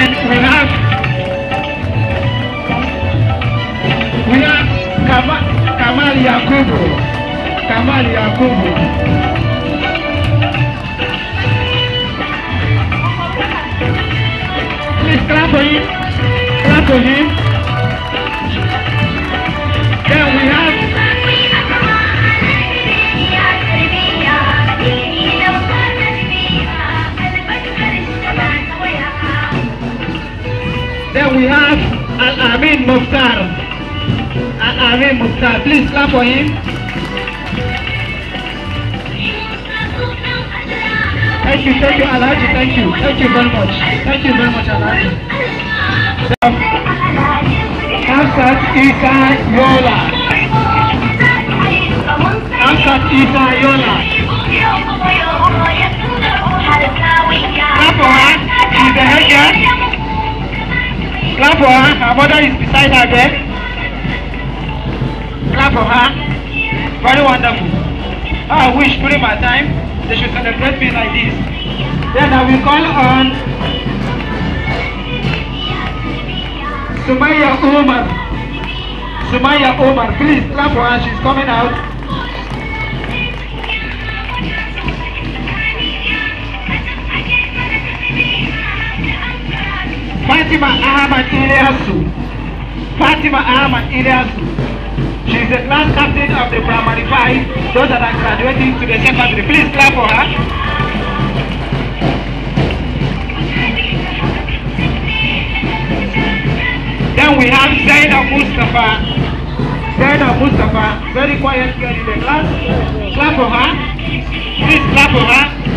And when we are Kamal Yakubu. Kamal Yakubu. Please clap for him. Clap for him. Then we have here we have Al-Amin Mukhtar. Al-Amin Mukhtar, please clap for him. Thank you, thank you, Alhaji, thank you. Thank you very much. Thank you very much, Alhaji. Hamsat Isa Yola. Clap for her. Her mother is beside her there. Clap for her. Very wonderful. I wish during my time they should celebrate me like this. Then I will call on Sumaya Omar. Sumaya Omar, please clap for her. She's coming out. Fatima Ahmad Ilyasu. Fatima Ahmad Ilyasu. She is the class captain of the primary five. Those that are graduating to the secondary, please clap for her. Then we have Zainab Mustafa. Zainab Mustafa, very quiet girl in the class. Clap for her. Please clap for her.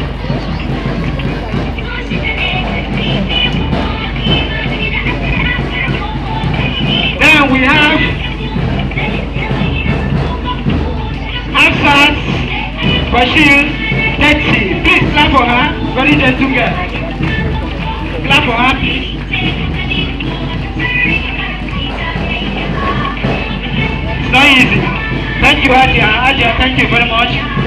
Bashir Dexy. Please clap for her. Very gentle girl. Clap for her, please. It's not easy. Thank you, Adia. Adia, thank you very much.